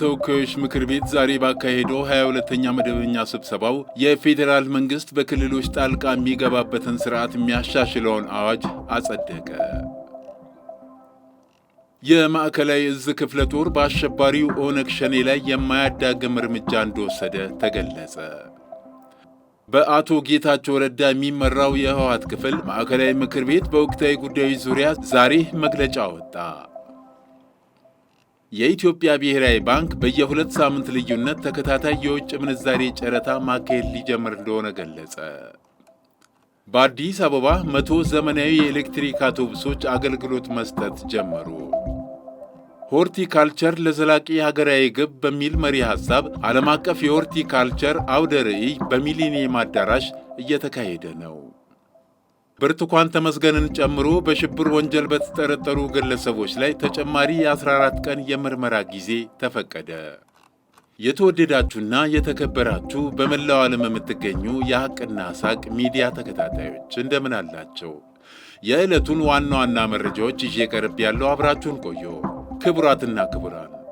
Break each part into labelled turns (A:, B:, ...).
A: ተወካዮች ምክር ቤት ዛሬ ባካሄደው 22ኛ መደበኛ ስብሰባው የፌዴራል መንግስት በክልሎች ጣልቃ የሚገባበትን ስርዓት የሚያሻሽለውን አዋጅ አጸደቀ። የማዕከላዊ እዝ ክፍለ ጦር በአሸባሪው ኦነግ ሸኔ ላይ የማያዳግም እርምጃ እንደወሰደ ተገለጸ። በአቶ ጌታቸው ረዳ የሚመራው የህወሓት ክፍል ማዕከላዊ ምክር ቤት በወቅታዊ ጉዳዮች ዙሪያ ዛሬ መግለጫ ወጣ። የኢትዮጵያ ብሔራዊ ባንክ በየሁለት ሳምንት ልዩነት ተከታታይ የውጭ ምንዛሬ ጨረታ ማካሄድ ሊጀምር እንደሆነ ገለጸ። በአዲስ አበባ መቶ ዘመናዊ የኤሌክትሪክ አውቶቡሶች አገልግሎት መስጠት ጀመሩ። ሆርቲካልቸር ለዘላቂ ሀገራዊ ግብ በሚል መሪ ሐሳብ ዓለም አቀፍ የሆርቲካልቸር አውደ ርዕይ በሚሊኒየም አዳራሽ እየተካሄደ ነው። ብርቱካን ተመስገንን ጨምሮ በሽብር ወንጀል በተጠረጠሩ ግለሰቦች ላይ ተጨማሪ የ14 ቀን የምርመራ ጊዜ ተፈቀደ። የተወደዳችሁና የተከበራችሁ በመላው ዓለም የምትገኙ የሐቅና ሳቅ ሚዲያ ተከታታዮች እንደምን አላቸው? የዕለቱን ዋና ዋና መረጃዎች ይዤ ቀርብ ያለው አብራችሁን ቆዩ። ክቡራትና ክቡራን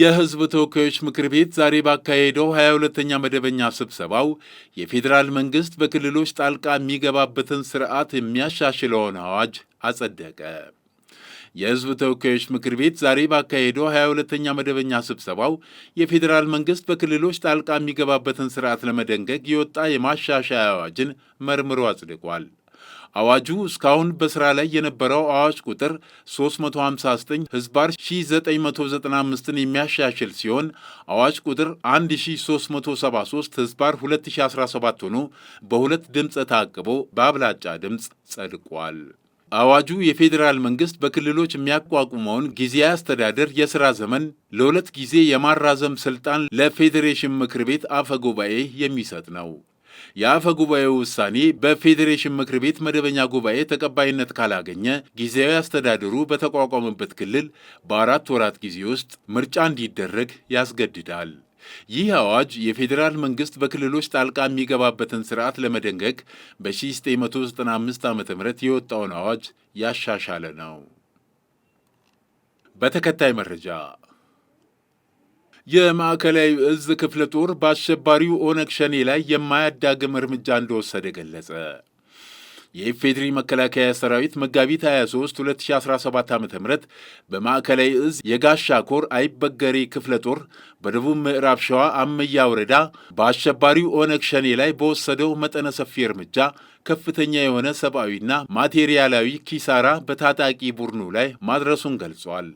A: የህዝብ ተወካዮች ምክር ቤት ዛሬ ባካሄደው 22ኛ መደበኛ ስብሰባው የፌዴራል መንግስት በክልሎች ጣልቃ የሚገባበትን ስርዓት የሚያሻሽለውን አዋጅ አጸደቀ። የህዝብ ተወካዮች ምክር ቤት ዛሬ ባካሄደው 22ኛ መደበኛ ስብሰባው የፌዴራል መንግስት በክልሎች ጣልቃ የሚገባበትን ስርዓት ለመደንገግ የወጣ የማሻሻያ አዋጅን መርምሮ አጽድቋል። አዋጁ እስካሁን በስራ ላይ የነበረው አዋጅ ቁጥር 359 ህዝባር 1995ን የሚያሻሽል ሲሆን አዋጅ ቁጥር 1373 ህዝባር 2017 ሆኖ በሁለት ድምፅ ታቅቦ በአብላጫ ድምፅ ጸድቋል። አዋጁ የፌዴራል መንግስት በክልሎች የሚያቋቁመውን ጊዜያዊ አስተዳደር የሥራ ዘመን ለሁለት ጊዜ የማራዘም ስልጣን ለፌዴሬሽን ምክር ቤት አፈ ጉባኤ የሚሰጥ ነው። የአፈ ጉባኤው ውሳኔ በፌዴሬሽን ምክር ቤት መደበኛ ጉባኤ ተቀባይነት ካላገኘ ጊዜያዊ አስተዳደሩ በተቋቋመበት ክልል በአራት ወራት ጊዜ ውስጥ ምርጫ እንዲደረግ ያስገድዳል። ይህ አዋጅ የፌዴራል መንግስት በክልሎች ጣልቃ የሚገባበትን ስርዓት ለመደንገግ በ1995 ዓ ም የወጣውን አዋጅ ያሻሻለ ነው። በተከታይ መረጃ የማዕከላዊ እዝ ክፍለ ጦር በአሸባሪው ኦነግ ሸኔ ላይ የማያዳግም እርምጃ እንደወሰደ ገለጸ። የኢፌድሪ መከላከያ ሰራዊት መጋቢት 23 2017 ዓ ም በማዕከላዊ እዝ የጋሻ ኮር አይበገሬ ክፍለ ጦር በደቡብ ምዕራብ ሸዋ አመያ ወረዳ በአሸባሪው ኦነግ ሸኔ ላይ በወሰደው መጠነ ሰፊ እርምጃ ከፍተኛ የሆነ ሰብአዊና ማቴሪያላዊ ኪሳራ በታጣቂ ቡድኑ ላይ ማድረሱን ገልጿል።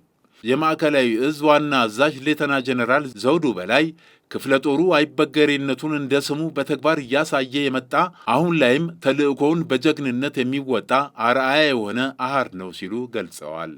A: የማዕከላዊ እዝ ዋና አዛዥ ሌተና ጀኔራል ዘውዱ በላይ ክፍለ ጦሩ አይበገሬነቱን እንደ ስሙ በተግባር እያሳየ የመጣ አሁን ላይም ተልዕኮውን በጀግንነት የሚወጣ አርአያ የሆነ አሃር ነው ሲሉ ገልጸዋል።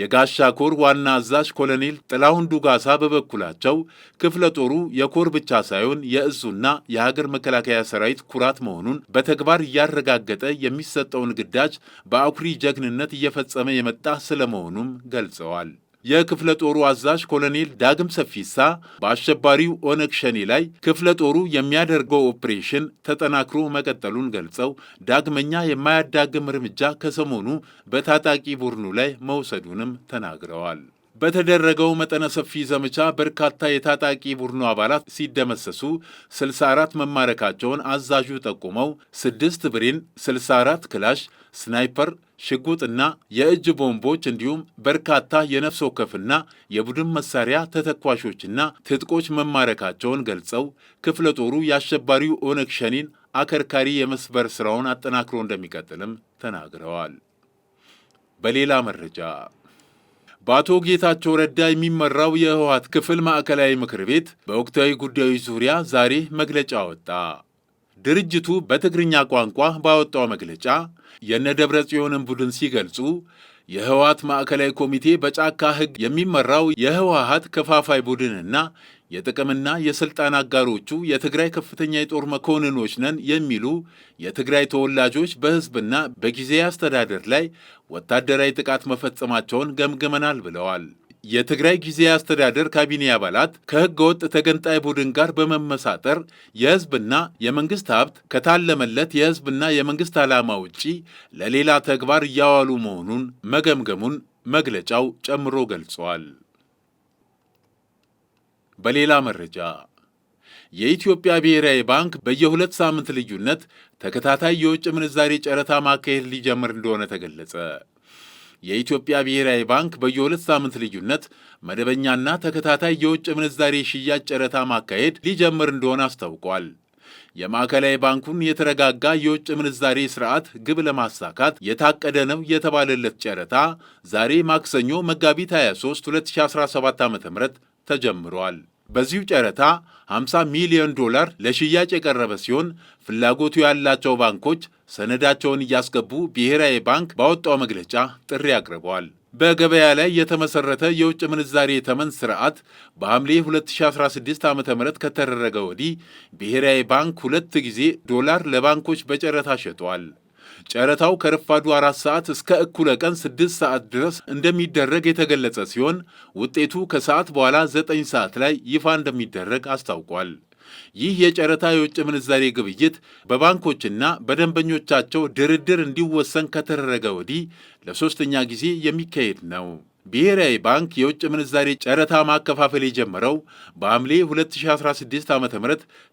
A: የጋሻ ኮር ዋና አዛዥ ኮሎኔል ጥላሁን ዱጋሳ በበኩላቸው ክፍለ ጦሩ የኮር ብቻ ሳይሆን የእዙና የሀገር መከላከያ ሰራዊት ኩራት መሆኑን በተግባር እያረጋገጠ የሚሰጠውን ግዳጅ በአኩሪ ጀግንነት እየፈጸመ የመጣ ስለመሆኑም ገልጸዋል። የክፍለ ጦሩ አዛዥ ኮሎኔል ዳግም ሰፊሳ በአሸባሪው ኦነግ ሸኔ ላይ ክፍለ ጦሩ የሚያደርገው ኦፕሬሽን ተጠናክሮ መቀጠሉን ገልጸው ዳግመኛ የማያዳግም እርምጃ ከሰሞኑ በታጣቂ ቡድኑ ላይ መውሰዱንም ተናግረዋል። በተደረገው መጠነ ሰፊ ዘመቻ በርካታ የታጣቂ ቡድኑ አባላት ሲደመሰሱ 64 መማረካቸውን አዛዡ ጠቁመው ስድስት ብሬን፣ 64 ክላሽ፣ ስናይፐር፣ ሽጉጥና የእጅ ቦምቦች እንዲሁም በርካታ የነፍስ ወከፍና የቡድን መሳሪያ ተተኳሾችና ትጥቆች መማረካቸውን ገልጸው ክፍለ ጦሩ የአሸባሪው ኦነግ ሸኔን አከርካሪ የመስበር ሥራውን አጠናክሮ እንደሚቀጥልም ተናግረዋል። በሌላ መረጃ በአቶ ጌታቸው ረዳ የሚመራው የህወሀት ክፍል ማዕከላዊ ምክር ቤት በወቅታዊ ጉዳዮች ዙሪያ ዛሬ መግለጫ ወጣ። ድርጅቱ በትግርኛ ቋንቋ ባወጣው መግለጫ የነ ደብረ ጽዮንን ቡድን ሲገልጹ የህወሀት ማዕከላዊ ኮሚቴ በጫካ ህግ የሚመራው የህወሀት ከፋፋይ ቡድንና የጥቅምና የስልጣን አጋሮቹ የትግራይ ከፍተኛ የጦር መኮንኖች ነን የሚሉ የትግራይ ተወላጆች በህዝብና በጊዜያዊ አስተዳደር ላይ ወታደራዊ ጥቃት መፈጸማቸውን ገምግመናል ብለዋል። የትግራይ ጊዜያዊ አስተዳደር ካቢኔ አባላት ከህገ ወጥ ተገንጣይ ቡድን ጋር በመመሳጠር የህዝብና የመንግስት ሀብት ከታለመለት የህዝብና የመንግስት ዓላማ ውጪ ለሌላ ተግባር እያዋሉ መሆኑን መገምገሙን መግለጫው ጨምሮ ገልጸዋል። በሌላ መረጃ የኢትዮጵያ ብሔራዊ ባንክ በየሁለት ሳምንት ልዩነት ተከታታይ የውጭ ምንዛሬ ጨረታ ማካሄድ ሊጀምር እንደሆነ ተገለጸ። የኢትዮጵያ ብሔራዊ ባንክ በየሁለት ሳምንት ልዩነት መደበኛና ተከታታይ የውጭ ምንዛሬ ሽያጭ ጨረታ ማካሄድ ሊጀምር እንደሆነ አስታውቋል። የማዕከላዊ ባንኩን የተረጋጋ የውጭ ምንዛሬ ስርዓት ግብ ለማሳካት የታቀደ ነው የተባለለት ጨረታ ዛሬ ማክሰኞ መጋቢት 23 2017 ዓ ም ተጀምሯል። በዚሁ ጨረታ 50 ሚሊዮን ዶላር ለሽያጭ የቀረበ ሲሆን ፍላጎቱ ያላቸው ባንኮች ሰነዳቸውን እያስገቡ ብሔራዊ ባንክ ባወጣው መግለጫ ጥሪ አቅርበዋል። በገበያ ላይ የተመሰረተ የውጭ ምንዛሬ የተመን ስርዓት በሐምሌ 2016 ዓ ም ከተደረገ ወዲህ ብሔራዊ ባንክ ሁለት ጊዜ ዶላር ለባንኮች በጨረታ ሸጠዋል። ጨረታው ከረፋዱ አራት ሰዓት እስከ እኩለ ቀን ስድስት ሰዓት ድረስ እንደሚደረግ የተገለጸ ሲሆን ውጤቱ ከሰዓት በኋላ ዘጠኝ ሰዓት ላይ ይፋ እንደሚደረግ አስታውቋል። ይህ የጨረታ የውጭ ምንዛሬ ግብይት በባንኮችና በደንበኞቻቸው ድርድር እንዲወሰን ከተደረገ ወዲህ ለሦስተኛ ጊዜ የሚካሄድ ነው። ብሔራዊ ባንክ የውጭ ምንዛሬ ጨረታ ማከፋፈል የጀመረው በሐምሌ 2016 ዓ ም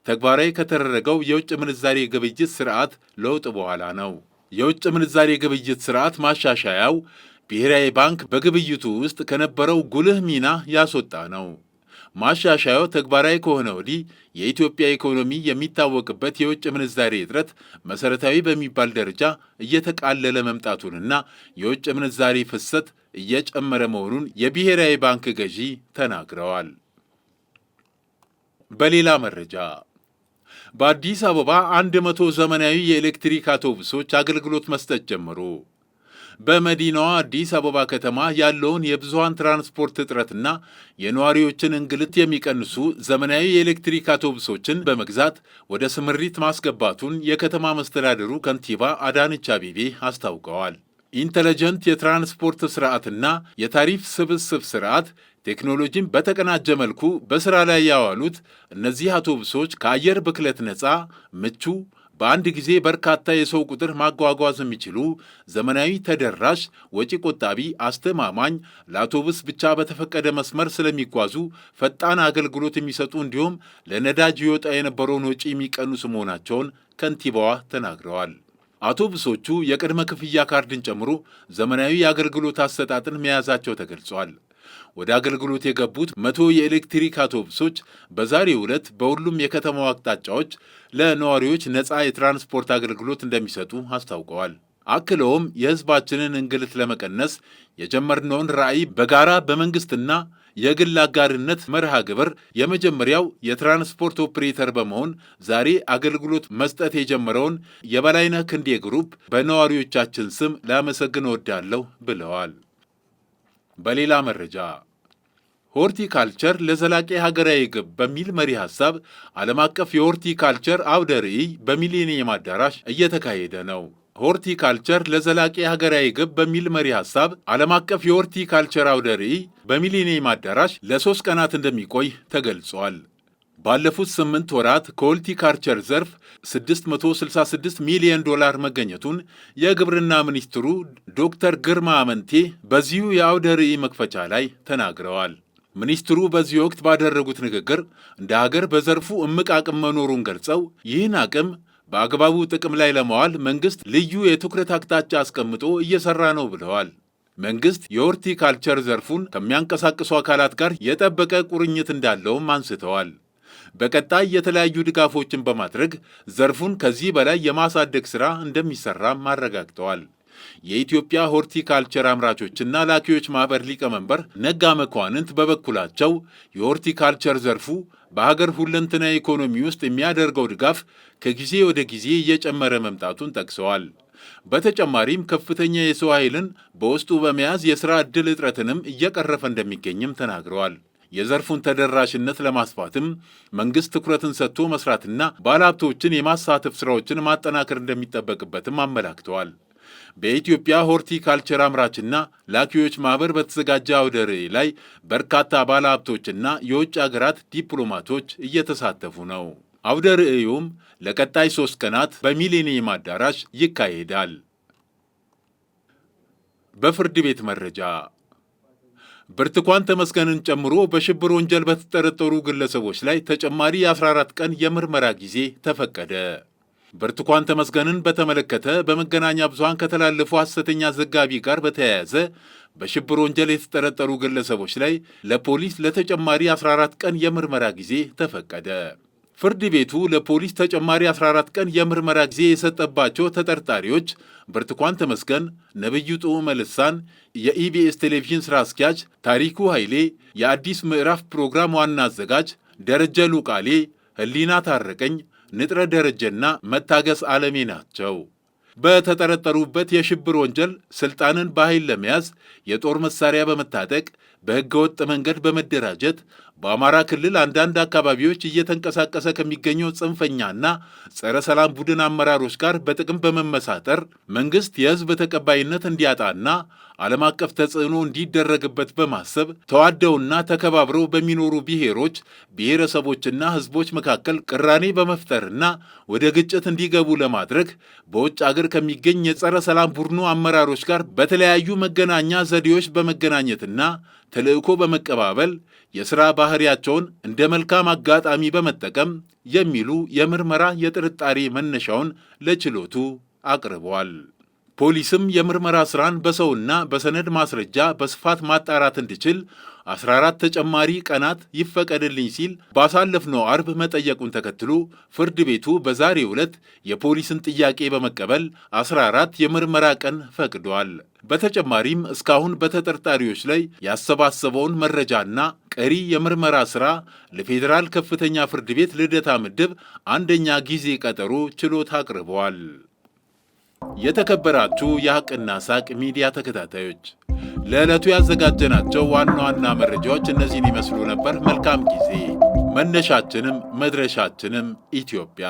A: ተግባራዊ ከተደረገው የውጭ ምንዛሬ ግብይት ስርዓት ለውጥ በኋላ ነው። የውጭ ምንዛሬ ግብይት ስርዓት ማሻሻያው ብሔራዊ ባንክ በግብይቱ ውስጥ ከነበረው ጉልህ ሚና ያስወጣ ነው። ማሻሻያው ተግባራዊ ከሆነ ወዲህ የኢትዮጵያ ኢኮኖሚ የሚታወቅበት የውጭ ምንዛሬ እጥረት መሰረታዊ በሚባል ደረጃ እየተቃለለ መምጣቱንና የውጭ ምንዛሬ ፍሰት እየጨመረ መሆኑን የብሔራዊ ባንክ ገዢ ተናግረዋል። በሌላ መረጃ በአዲስ አበባ 100 ዘመናዊ የኤሌክትሪክ አውቶቡሶች አገልግሎት መስጠት ጀመሩ። በመዲናዋ አዲስ አበባ ከተማ ያለውን የብዙሃን ትራንስፖርት እጥረትና የነዋሪዎችን እንግልት የሚቀንሱ ዘመናዊ የኤሌክትሪክ አውቶቡሶችን በመግዛት ወደ ስምሪት ማስገባቱን የከተማ መስተዳደሩ ከንቲባ አዳነች አቤቤ አስታውቀዋል። ኢንተለጀንት የትራንስፖርት ስርዓትና የታሪፍ ስብስብ ስርዓት ቴክኖሎጂን በተቀናጀ መልኩ በሥራ ላይ ያዋሉት እነዚህ አውቶቡሶች ከአየር ብክለት ነፃ፣ ምቹ፣ በአንድ ጊዜ በርካታ የሰው ቁጥር ማጓጓዝ የሚችሉ ዘመናዊ፣ ተደራሽ፣ ወጪ ቆጣቢ፣ አስተማማኝ፣ ለአውቶቡስ ብቻ በተፈቀደ መስመር ስለሚጓዙ ፈጣን አገልግሎት የሚሰጡ እንዲሁም ለነዳጅ ይወጣ የነበረውን ወጪ የሚቀንሱ መሆናቸውን ከንቲባዋ ተናግረዋል። አውቶቡሶቹ የቅድመ ክፍያ ካርድን ጨምሮ ዘመናዊ የአገልግሎት አሰጣጥን መያዛቸው ተገልጿል። ወደ አገልግሎት የገቡት መቶ የኤሌክትሪክ አውቶቡሶች በዛሬ ዕለት በሁሉም የከተማው አቅጣጫዎች ለነዋሪዎች ነፃ የትራንስፖርት አገልግሎት እንደሚሰጡ አስታውቀዋል። አክለውም የሕዝባችንን እንግልት ለመቀነስ የጀመርነውን ራዕይ በጋራ በመንግሥትና የግል አጋርነት መርሃ ግብር የመጀመሪያው የትራንስፖርት ኦፕሬተር በመሆን ዛሬ አገልግሎት መስጠት የጀመረውን የበላይነህ ክንዴ ግሩፕ በነዋሪዎቻችን ስም ላመሰግን እወዳለሁ ብለዋል። በሌላ መረጃ ሆርቲካልቸር ለዘላቂ ሀገራዊ ግብ በሚል መሪ ሀሳብ ዓለም አቀፍ የሆርቲካልቸር አውደ ርዕይ በሚሊኒየም አዳራሽ እየተካሄደ ነው። ሆርቲካልቸር ለዘላቂ ሀገራዊ ግብ በሚል መሪ ሀሳብ ዓለም አቀፍ የሆርቲካልቸር አውደ ርዕይ በሚሊኒየም አዳራሽ ለሶስት ቀናት እንደሚቆይ ተገልጿል። ባለፉት ስምንት ወራት ከሆልቲካልቸር ዘርፍ 666 ሚሊዮን ዶላር መገኘቱን የግብርና ሚኒስትሩ ዶክተር ግርማ አመንቴ በዚሁ የአውደ ርዕይ መክፈቻ ላይ ተናግረዋል። ሚኒስትሩ በዚህ ወቅት ባደረጉት ንግግር እንደ ሀገር በዘርፉ እምቅ አቅም መኖሩን ገልጸው ይህን አቅም በአግባቡ ጥቅም ላይ ለማዋል መንግስት ልዩ የትኩረት አቅጣጫ አስቀምጦ እየሰራ ነው ብለዋል። መንግስት የሆርቲካልቸር ዘርፉን ከሚያንቀሳቅሱ አካላት ጋር የጠበቀ ቁርኝት እንዳለውም አንስተዋል። በቀጣይ የተለያዩ ድጋፎችን በማድረግ ዘርፉን ከዚህ በላይ የማሳደግ ሥራ እንደሚሠራም አረጋግጠዋል። የኢትዮጵያ ሆርቲካልቸር አምራቾችና ላኪዎች ማኅበር ሊቀመንበር ነጋ መኳንንት በበኩላቸው የሆርቲካልቸር ዘርፉ በሀገር ሁለንትና ኢኮኖሚ ውስጥ የሚያደርገው ድጋፍ ከጊዜ ወደ ጊዜ እየጨመረ መምጣቱን ጠቅሰዋል። በተጨማሪም ከፍተኛ የሰው ኃይልን በውስጡ በመያዝ የሥራ ዕድል እጥረትንም እየቀረፈ እንደሚገኝም ተናግረዋል። የዘርፉን ተደራሽነት ለማስፋትም መንግስት ትኩረትን ሰጥቶ መስራትና ባለሀብቶችን የማሳተፍ ስራዎችን ማጠናከር እንደሚጠበቅበትም አመላክተዋል። በኢትዮጵያ ሆርቲካልቸር አምራችና ላኪዎች ማህበር በተዘጋጀ አውደ ርዕይ ላይ በርካታ ባለሀብቶችና የውጭ አገራት ዲፕሎማቶች እየተሳተፉ ነው። አውደ ርዕዩም ለቀጣይ ሶስት ቀናት በሚሌኒየም አዳራሽ ይካሄዳል። በፍርድ ቤት መረጃ ብርቱካን ተመስገንን ጨምሮ በሽብር ወንጀል በተጠረጠሩ ግለሰቦች ላይ ተጨማሪ የ14 ቀን የምርመራ ጊዜ ተፈቀደ። ብርቱካን ተመስገንን በተመለከተ በመገናኛ ብዙሃን ከተላለፉ ሐሰተኛ ዘጋቢ ጋር በተያያዘ በሽብር ወንጀል የተጠረጠሩ ግለሰቦች ላይ ለፖሊስ ለተጨማሪ 14 ቀን የምርመራ ጊዜ ተፈቀደ። ፍርድ ቤቱ ለፖሊስ ተጨማሪ 14 ቀን የምርመራ ጊዜ የሰጠባቸው ተጠርጣሪዎች ብርቱካን ተመስገን፣ ነብዩ ጥ መልሳን፣ የኢቢኤስ ቴሌቪዥን ሥራ አስኪያጅ ታሪኩ ኃይሌ፣ የአዲስ ምዕራፍ ፕሮግራም ዋና አዘጋጅ ደረጀ ሉቃሌ፣ ህሊና ታረቀኝ፣ ንጥረ ደረጀና መታገስ ዓለሜ ናቸው። በተጠረጠሩበት የሽብር ወንጀል ስልጣንን በኃይል ለመያዝ የጦር መሳሪያ በመታጠቅ በህገወጥ መንገድ በመደራጀት በአማራ ክልል አንዳንድ አካባቢዎች እየተንቀሳቀሰ ከሚገኘው ጽንፈኛና ጸረ ሰላም ቡድን አመራሮች ጋር በጥቅም በመመሳጠር መንግስት የህዝብ ተቀባይነት እንዲያጣና ዓለም አቀፍ ተጽዕኖ እንዲደረግበት በማሰብ ተዋደውና ተከባብረው በሚኖሩ ብሔሮች፣ ብሔረሰቦችና ህዝቦች መካከል ቅራኔ በመፍጠርና ወደ ግጭት እንዲገቡ ለማድረግ በውጭ አገር ከሚገኝ የጸረ ሰላም ቡድኑ አመራሮች ጋር በተለያዩ መገናኛ ዘዴዎች በመገናኘትና ተልእኮ በመቀባበል የሥራ ባህሪያቸውን እንደ መልካም አጋጣሚ በመጠቀም የሚሉ የምርመራ የጥርጣሬ መነሻውን ለችሎቱ አቅርበዋል። ፖሊስም የምርመራ ሥራን በሰውና በሰነድ ማስረጃ በስፋት ማጣራት እንዲችል 14 ተጨማሪ ቀናት ይፈቀድልኝ ሲል ባሳለፍነው አርብ መጠየቁን ተከትሎ ፍርድ ቤቱ በዛሬ ዕለት የፖሊስን ጥያቄ በመቀበል 14 የምርመራ ቀን ፈቅዷል። በተጨማሪም እስካሁን በተጠርጣሪዎች ላይ ያሰባሰበውን መረጃና ቀሪ የምርመራ ስራ ለፌዴራል ከፍተኛ ፍርድ ቤት ልደታ ምድብ አንደኛ ጊዜ ቀጠሮ ችሎት አቅርበዋል። የተከበራችሁ የሐቅና ሳቅ ሚዲያ ተከታታዮች ለዕለቱ ያዘጋጀናቸው ዋና ዋና መረጃዎች እነዚህን ይመስሉ ነበር። መልካም ጊዜ። መነሻችንም መድረሻችንም ኢትዮጵያ።